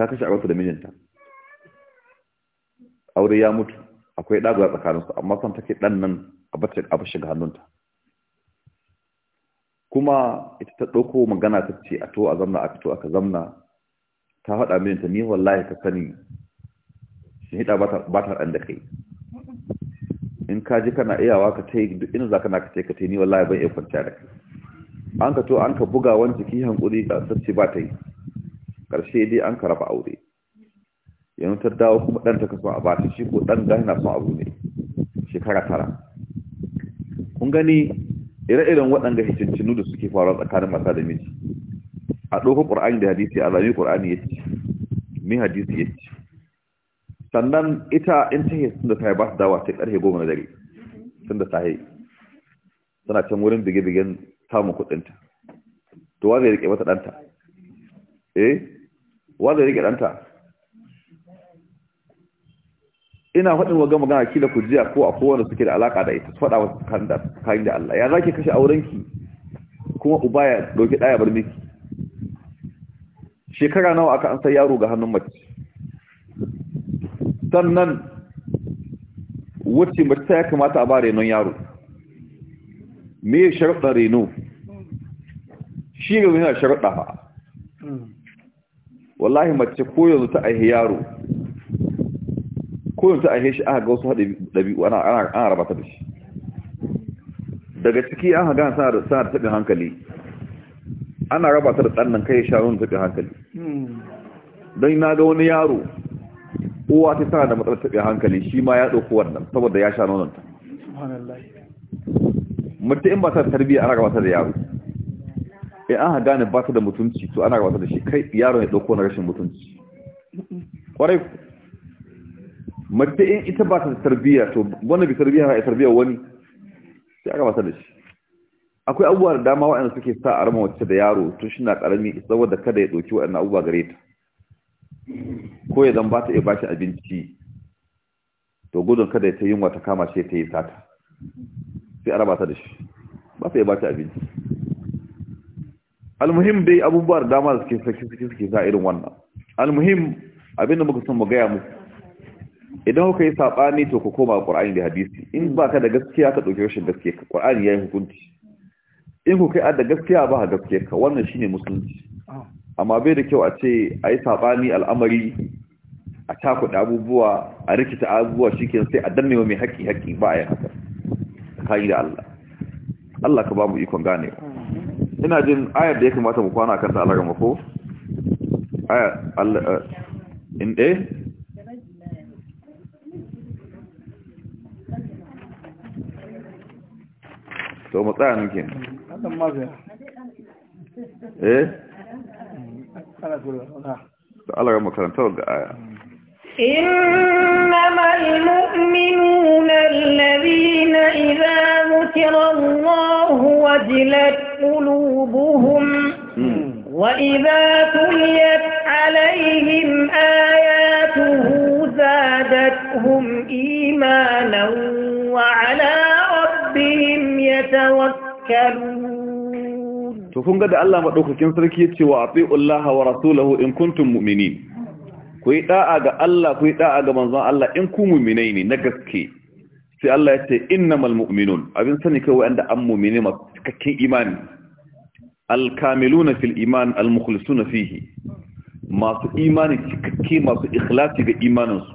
[SPEAKER 3] ta kashe a da mijinta aure ya mutu akwai tsakanin tsakaninsu amma son take ɗan nan a bashi ga hannunta kuma ita ta ɗauko magana ta ce a to a zamna a fito aka zamna ta haɗa min ta ni wallahi ka sani shi hida ba ta ɗan da kai in ka ji kana iyawa ka ta duk inda za kana ka ce ka ta ni wallahi ban iya kwanciya da kai an ka to an ka buga wani jiki hankuri a sassi ba ta yi ƙarshe dai an ka raba aure yanzu ta dawo kuma ɗan ta kasuwa a bata shi ko ɗan da yana son abu ne shekara tara kun gani ire-iren waɗanda hicincinu da suke faruwa tsakanin mata da miji a ɗaukar ƙur'ani da hadisi a zami ƙur'ani ya ci mai hadisi ya ci sannan ita in ta hesu da ta yi ba su dawa sai ƙarfe goma na dare sun da ta suna can wurin bige-bigen samun kuɗinta to wa zai riƙe mata ɗanta eh wa zai riƙe ɗanta ina faɗin wa gama gana kila ku jiya ko a kowane suke da alaƙa da ita su faɗa wasu kayan da Allah ya za kashe aurenki kuma uba ya ɗauki ɗaya bar miki shekara nawa aka an sai yaro ga hannun mace sannan wacce mace ta ya kamata a ba renon yaro me sharaɗa reno shi ga yana fa. Hmm. wallahi mace ko yanzu ta aihe yaro koyon yanzu a shi aka ga wasu haɗe ɗabi'u ana raba ta da shi daga ciki an haga sana da taɓin hankali ana raba ta da tsannan kai sha nuna taɓin hankali don na ga wani yaro uwa ta sa da matsalar taɓin hankali shi ma ya ɗauko wannan saboda ya sha nonanta mutu in ba ta tarbiyya ana raba ta da yaro in an haga ne ba ta da mutunci to ana raba ta da shi kai yaro ya ɗauko na rashin mutunci mace in ita ba ta tarbiyya to wanda bi tarbiyya ba tarbiyya wani sai aka basa da shi akwai abubuwa da dama wa'anda suke sa a rama wacce da yaro tun shi na karami saboda kada ya ɗauki waɗannan abubuwa gare ta ko ya zan ba ta iya ba shi abinci to gudun kada ya ta yunwa ta kama shi ta yi sata sai a raba ta da shi ba ta iya ba ta abinci almuhim dai abubuwa da dama da suke sa irin wannan almuhim abinda muka san mu gaya muku idan kuka yi saɓani to ku koma ƙwar'ani da hadisi in ba ka da gaskiya ka ɗauki rashin gaskiya ka ƙwar'ani ya yi hukunci in ku kai da gaskiya ba ka gaskiya ka wannan shine musulunci amma bai da kyau a ce a yi saɓani al'amari a takuɗa abubuwa a rikita abubuwa shi sai a danne mai haƙƙi haƙƙi ba a yi haka yi da Allah Allah ka ba mu ikon gane ina jin ayar da ya kamata mu kwana kan ta alaga mako ayar Allah eh, in eh تو مطعم يمكن هذا ما ايه
[SPEAKER 2] انا اقول eh
[SPEAKER 3] Allah ya
[SPEAKER 2] إنما المؤمنون الذين إذا ذكر الله وجلت قلوبهم وإذا تليت عليهم آياته زادتهم إيمانا وعلى To kun ربهم يتوكلون
[SPEAKER 3] تكون قد الله مدوكين سركي يتي واطيعوا الله in ان كنتم مؤمنين kuyi da'a ga Allah kuyi da'a ga manzon Allah in ku mu'minai ne na gaske sai Allah ya ce innamal mu'minun abin sani kai wanda an mu'mini masu cikakken imani alkamiluna fil iman almukhlisuna fihi masu imani cikakke masu ikhlasi ga imaninsu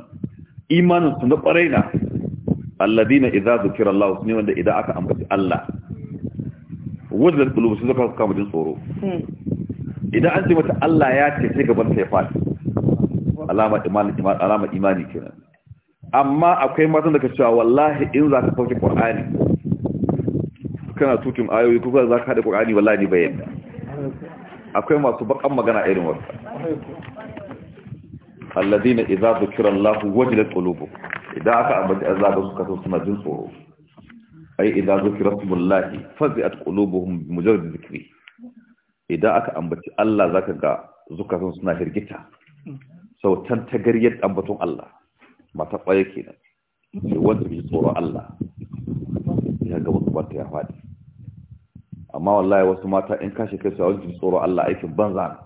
[SPEAKER 3] imaninsu na ƙwarai na alladina idza zukira Allah ne wanda idan aka ambaci Allah wajen kulubu su zaka kama jin tsoro hmm. idan an ce mata Allah ya ce sai gaban ta ya alama imani alama imani kenan amma akwai matan da ka cewa wallahi in za ka sauke Qur'ani kana tukin ayoyi ko za ka hada Qur'ani wallahi ni bayyana akwai masu bakan magana irin wannan alladina idza zukira Allah wajilat qulubuhum idan aka ambaci azaba suka so suna jin tsoro ai idan zukira fazi a qulubuhum mujar da zikiri idan aka ambaci Allah zaka ga zukatan suna hirgita sau tan yadda ambaton Allah mata ke kenan sai wanda bi tsoron Allah ya ga wasu bata ya faɗi amma wallahi wasu mata in kashe kai su a wajen tsoron Allah aikin banza ne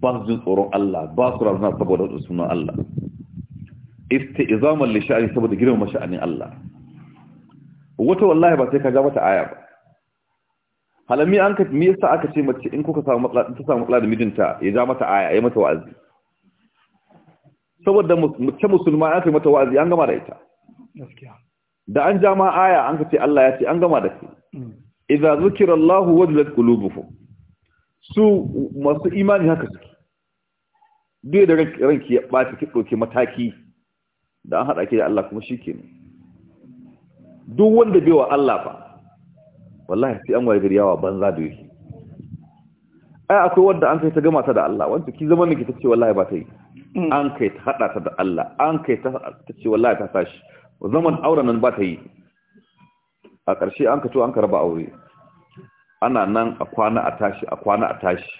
[SPEAKER 3] ba su jin tsoron Allah ba su razana saboda sunan Allah isti'zaman li sha'ani saboda girmama sha'anin Allah wata wallahi ba sai ka ga mata aya ba halami an ka me yasa aka ce mace in kuka samu matsala ta samu matsala da mijinta ya ja mata aya ya mata wa'azi saboda mace musulma ya kai mata wa'azi an gama da ita da an ja ma aya an ka ce Allah ya ce an gama da ke mm. idza zukira Allah wajlat qulubuhum su masu imani haka suke duk da ranki ya ta ki ɗauki mataki da an haɗa ki da Allah kuma shi ke duk wanda bai wa Allah ba wallahi sai an waye yawa banza da yake ai akwai wanda an kai ta gama ta da Allah wanda ki zaman ta ce wallahi ba ta yi mm. an kai ta haɗa ta da Allah an kai ta ce wallahi ta tashi. zaman auren nan ba ta yi a ƙarshe an kato an karba aure ana nan a kwana a tashi a kwana a tashi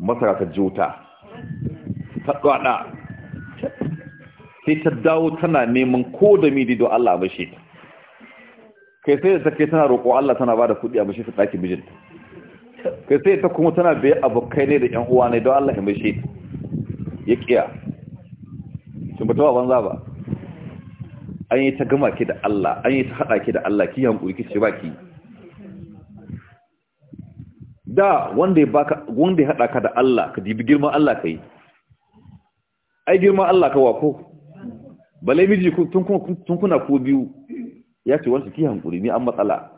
[SPEAKER 3] masara ta juta ta ɗwaɗa sai ta dawo tana neman ko da midi don Allah a bashe ta kai sai da ta tana roƙo Allah tana ba da kuɗi a bashe ta ɗakin mijinta kai sai ta kuma tana bai abokai ne da ƴan uwa ne don Allah ya bashe ta ya ƙiya shi ba ta banza ba an yi ta gama ki da Allah an yi ta haɗa ki da Allah ki hankuri ki ce ba ki da wanda ya baka wanda ya haɗa ka da Allah ka dibi girman Allah ka yi ai girman Allah ka ko. balai miji tun kuna ko biyu ya ce wancan ki hankuri ni an matsala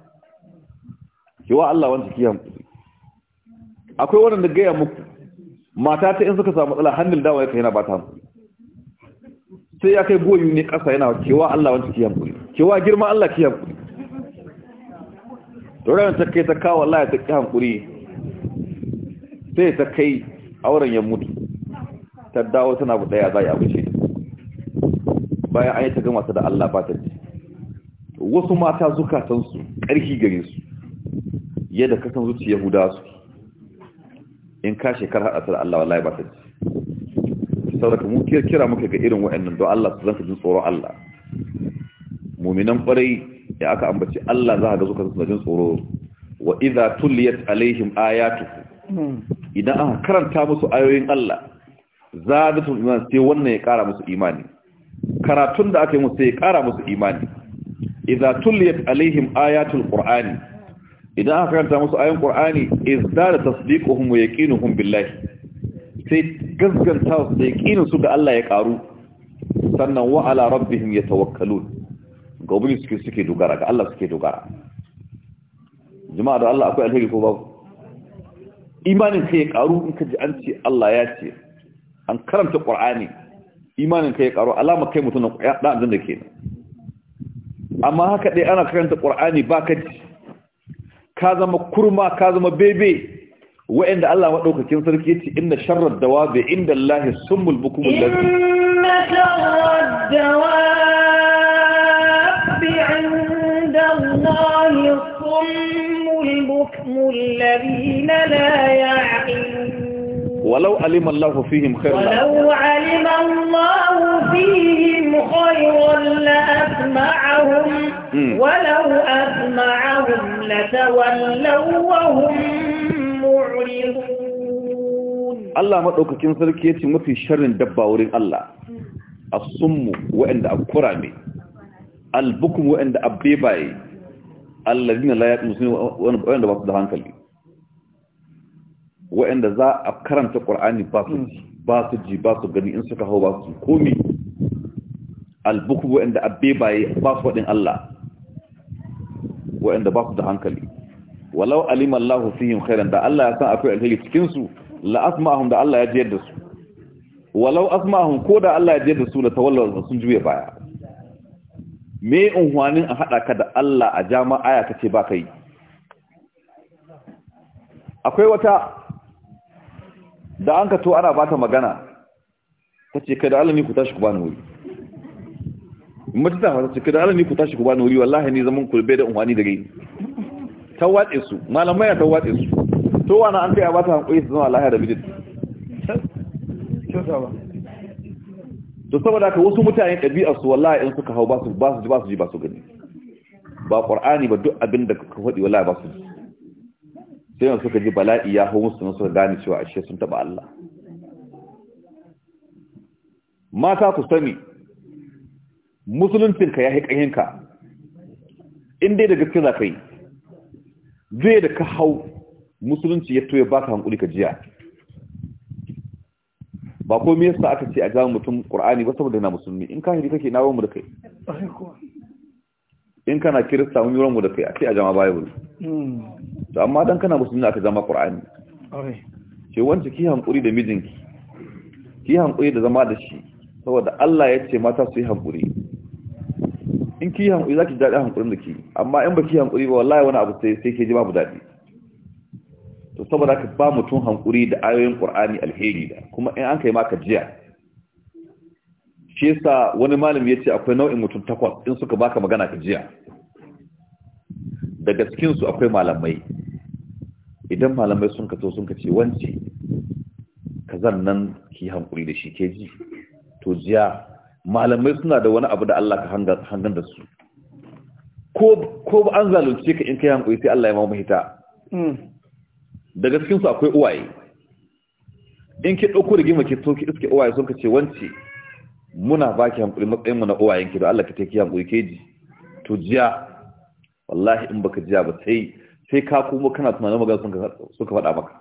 [SPEAKER 3] kewa Allah wancan ki hankuri akwai wannan gaya muku mata ta in suka samu matsala hannun dawa yake yana ba ta hankuri sai ya kai goyi ne ƙasa yana kewa Allah wancan ki hankuri kewa girma Allah ki hankuri dole ta kai ta kawo Allah ya ta ki hankuri sai ta kai auren ya mutu ta dawo tana bu daya za ya wuce bayan an yi ta gama ta da Allah ba ta ce wasu mata zukatansu ƙarfi gare su yadda kasan zuci yahuda su in ka shekar haɗa ta da Allah wallahi ba ta ce saboda mu kira muka ga irin wa'annan don Allah su zanka jin tsoron Allah muminan ƙwarai ya aka ambaci Allah za a ga zuka na jin tsoro wa idza tuliyat alaihim ayatu idan aka karanta musu ayoyin Allah zadatul iman sai wannan ya kara musu imani karatun da aka yi musu ya kara musu imani idza tuliyat alaihim ayatul qur'ani idan aka karanta musu ayan qur'ani izdara tasdiquhum wa yaqinuhum billahi sai gaskanta su da yaqinin su ga Allah ya karu sannan wa ala rabbihim yatawakkalun gobin suke suke dogara ga Allah suke dogara jama'a da Allah akwai alheri ko ba imanin sai ya karu in ka ji an ce Allah ya ce an karanta qur'ani imanin ka ya karo alama kai mutum da aljanna kenan amma haka dai ana karanta qur'ani ba ka ji ka zama kurma ka zama bebe wa'anda Allah madaukakin sarki yace inna sharrad dawabi inda Allah summul bukum allazi
[SPEAKER 2] inna sharrad dawabi inda Allah summul bukum alladhina la ya'qilun
[SPEAKER 3] ولو علم الله فيهم خيرا ولو
[SPEAKER 2] علم الله فيهم خيرا لأسمعهم ولو أسمعهم لتولوا وهم معرضون
[SPEAKER 3] الله مدوكاكين سركي يتي مفي شر دبا ورين الله الصم وعند القرامي البكم وعند البيباي الذين لا يؤمنون وعند بعض هانكلي waɗanda za a karanta ƙur'ani hmm. ba su ji ba su gani in suka hau ba su komi albuku waɗanda abebaye ba su waɗin Allah waɗanda ba su da hankali walau alim Allah su fihim khairan da Allah ya san akwai alheri cikin su la asma'ahum da Allah ya jiyar da su walau asma'ahum ko da Allah ya jiyar da su la tawallaw sun juye baya me unhwanin a hada ka da Allah a jama'a ya kace ba kai akwai wata da an ka to ana bata magana ta ce kada da ku tashi ku bani wuri mutunta ta ce kada da ku tashi ku bani wuri wallahi ne zaman kulbe da unwani da gai? ta watse su malamai ya ta watse su to wani an kai a bata hankali su zama lahiya da bidin to saboda ka wasu mutane ɗabi'ar su wallahi in suka hau ba su ji ba su ji ba su gani ba ƙwar'ani ba duk abin da ka faɗi wallahi ba su ji sai yanzu suka ji bala'i ya hau musu suka gane cewa ashe sun taba Allah mata ku sani musuluncinka ya haƙa in dai da gaske za ka yi zai da ka hau musulunci ya toye ka hankuli ka jiya ba ko me yasa aka ce a jami mutum Qur'ani ba saboda yana musulmi in ka hiri kake na mu da kai in kana kirista mun yi mu da kai a ce a jama bible to amma dan kana musulmi aka zama qur'ani ce wanda ki hankuri da mijinki ki hankuri da zama da shi saboda Allah ya ce mata su yi hankuri in ki hankuri zaki dadi hankurin da ki amma in ba ki hankuri ba wallahi wani abu sai sai ke ji babu dadi to saboda ka ba mutum hankuri da ayoyin qur'ani alheri da kuma in an kai maka jiya shi yasa wani malami ce akwai nau'in mutum takwas in suka baka magana ka jiya daga cikin su akwai malamai idan malamai sun kaso sun kace wance kazan nan ki hankuri da shi ke ji to jiya malamai suna da wani abu da Allah ka hangan da su ko ba an zalunce ka in kai hankuri sai Allah ya ma mahita hmm. daga cikin su akwai uwaye in ki dauko rigima ki so ki iske uwaye sun kace wance muna baki hankuri matsayin mu na uwayen ki da Allah ka take hankuri ke ji to jiya wallahi in baka jiya ba sai sai ka kuma kana tunanin magana suka faɗa maka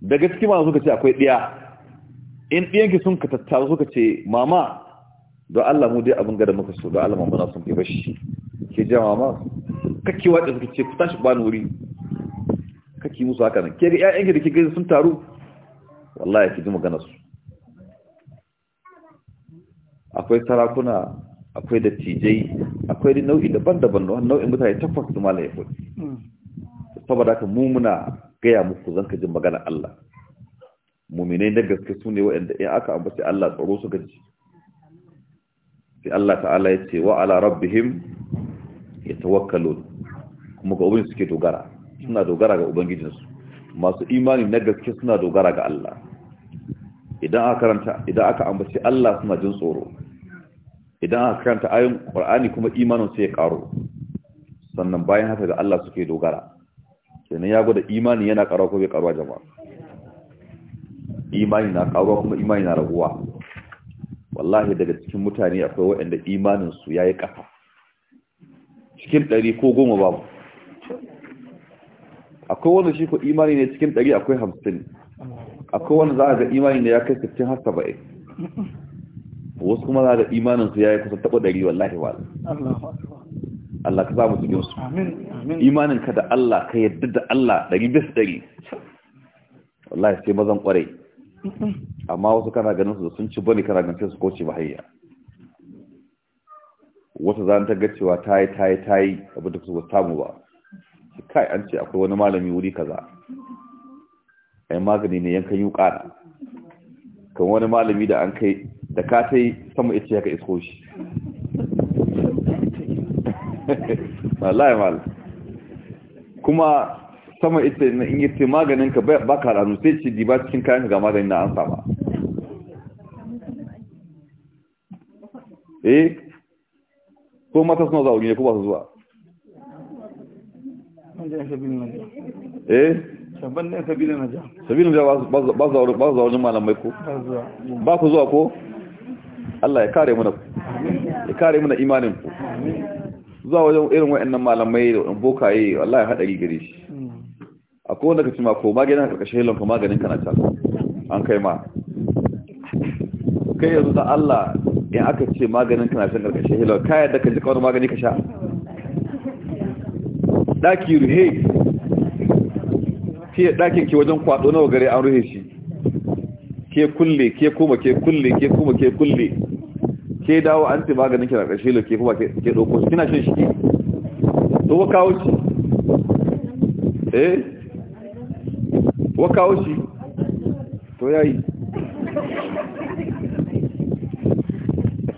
[SPEAKER 3] da gaske ma suka ce akwai ɗiya in ɗiyanki sun ka tattaru suka ce mama don Allah mu dai abin gada muka so don Allah mamuna sun kai bashi ke ja mama kake waɗanda suka ce ku tashi ba ni wuri kake musu haka nan ke ga ƴaƴanki da ke gaisa sun taru wallahi ki ji magana su akwai sarakuna akwai da tijai akwai da nau'i daban-daban na nau'in mutane takwas da mala ya kudi hmm. saboda haka mu muna gaya muku zan ka ji magana Allah muminai na gaske su ne wa'anda in aka ambaci Allah tsaro su gaji sai Allah ta'ala ya ce wa ala rabbihim ya tawakkalo kuma ga ubangiji suke dogara suna dogara ga ubangijinsu masu imani na gaske suna dogara ga Allah idan aka karanta idan aka ambaci Allah suna jin tsoro idan aka karanta ayon ƙwar'ani kuma imanin sai ya ƙaro sannan bayan haka da Allah suke dogara kenan ya gwada imani yana ƙaro ko bai a jama'a imani na ƙaruwa kuma imani na raguwa wallahi daga cikin mutane akwai waɗanda imaninsu ya yi ƙafa cikin ɗari ko goma babu akwai wanda shi ko imani ne cikin ɗari akwai hamsin akwai wanda za a ga imani ne ya kai 60 har
[SPEAKER 4] 70
[SPEAKER 3] wasu kuma za da imanin su yi kusa taɓa ɗari wallahi wal Allah ka samu cikin su imanin ka da Allah ka yadda da Allah ɗari bis ɗari. wallahi sai mazan kwarai amma wasu kana ganin su sun ci bane kana ganin su ce bahayya wata zan ta gacewa tayi tayi tayi abin da su samu ba kai an ce akwai wani malami wuri kaza ai magani ne yankan yuka kan wani malami da an kai da ka ta yi sama ita ya ka isko shi kuma sama ita na yi ce maganin ka ba ka ranu sai ce diba cikin kayan ga maganin na an sama. eh ko mata suna zaune ne ko ba su zuwa eh
[SPEAKER 1] sabon ne sabilin
[SPEAKER 3] naja ba su zaune malamai ko ba ku zuwa ko Allah ya kare muna ya kare muna imanin ku zuwa wajen irin wayannan malamai da bokaye wallahi hadari gare shi akwai wanda ka ci ma ko maganin karkashin hilon ka maganin na ta an kai ma kai yanzu da Allah in aka ce maganin kana ta karkashin hilon ka yadda ka ji kawai magani ka sha daki ruhe ke dakin ki wajen kwado nawa gare an ruhe shi ke kulle ke kuma ke kulle ke kuma ke kulle ke dawo an ce maganin kira ƙarshe ke kuma ke ɗauko shi kina shan shi to wa kawo shi eh wa kawo shi to ya yi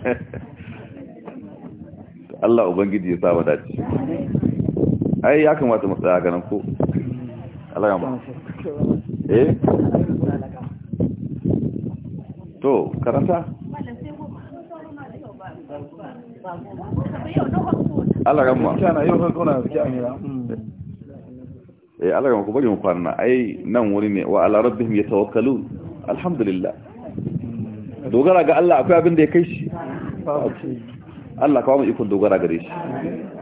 [SPEAKER 3] Allah Ubangiji ya saba dace ai ya kamata mu tsaya ganin ko Allah ya ba eh to karanta Allah ramma amira eh mu kwana ai nan wuri ne wa ala rabbihim yatawakkalun alhamdulillah dogara ga Allah akwai abin da ya kai shi Allah ka mu ikon dogara gare shi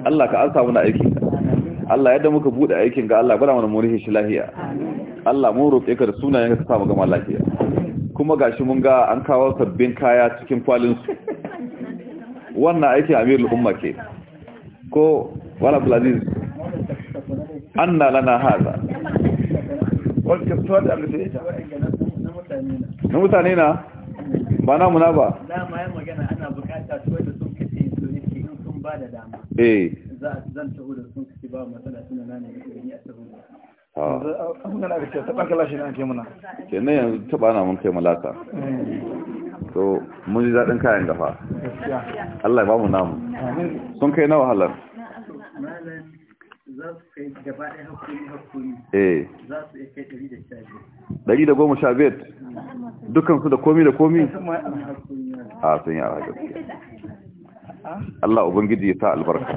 [SPEAKER 3] Allah ka ansa mana aikin Allah yadda muka bude aikin ga Allah gwada mana murihi shi lafiya Allah mun roƙe ka da sunayen ka samu gama lafiya kuma gashi mun ga an kawo sabbin kaya cikin kwalin su wannan aikin amirul umma ke ko wala an na lana haza na mutane na ba na muna ba
[SPEAKER 1] dama ya magana ana bukata su sun kace su yake sun ba da dama eh zan taho da sun kace ba matsala suna taho na ga ce taɓa na muna
[SPEAKER 3] ke yanzu taɓa na mun kai malata eh. So mun ji daɗin kayan gafa Allah ya ba mu namu sun kai na wahalar eh. ɗari da goma sha biyar dukansu da komi da komi a sun yi a Allah Ubangiji ya sa albarka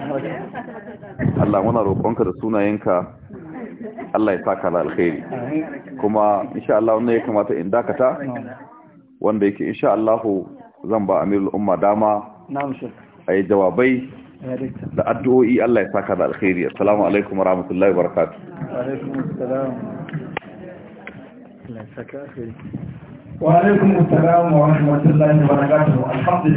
[SPEAKER 3] Allah muna roƙonka da sunayenka Allah ya sa ka da alkhairi kuma insha Allah wannan ya kamata in dakata wanda yake insha Allahu zan ba amirul umma dama na'am shek ayi jawabai da addu'o'i Allah ya saka da alkhairi assalamu alaikum wa rahmatullahi wa
[SPEAKER 1] alaikum assalam
[SPEAKER 4] Allah ya saka alkhairi
[SPEAKER 1] wa alaikum assalam wa rahmatullahi
[SPEAKER 4] wabarakatuh alhamdulillah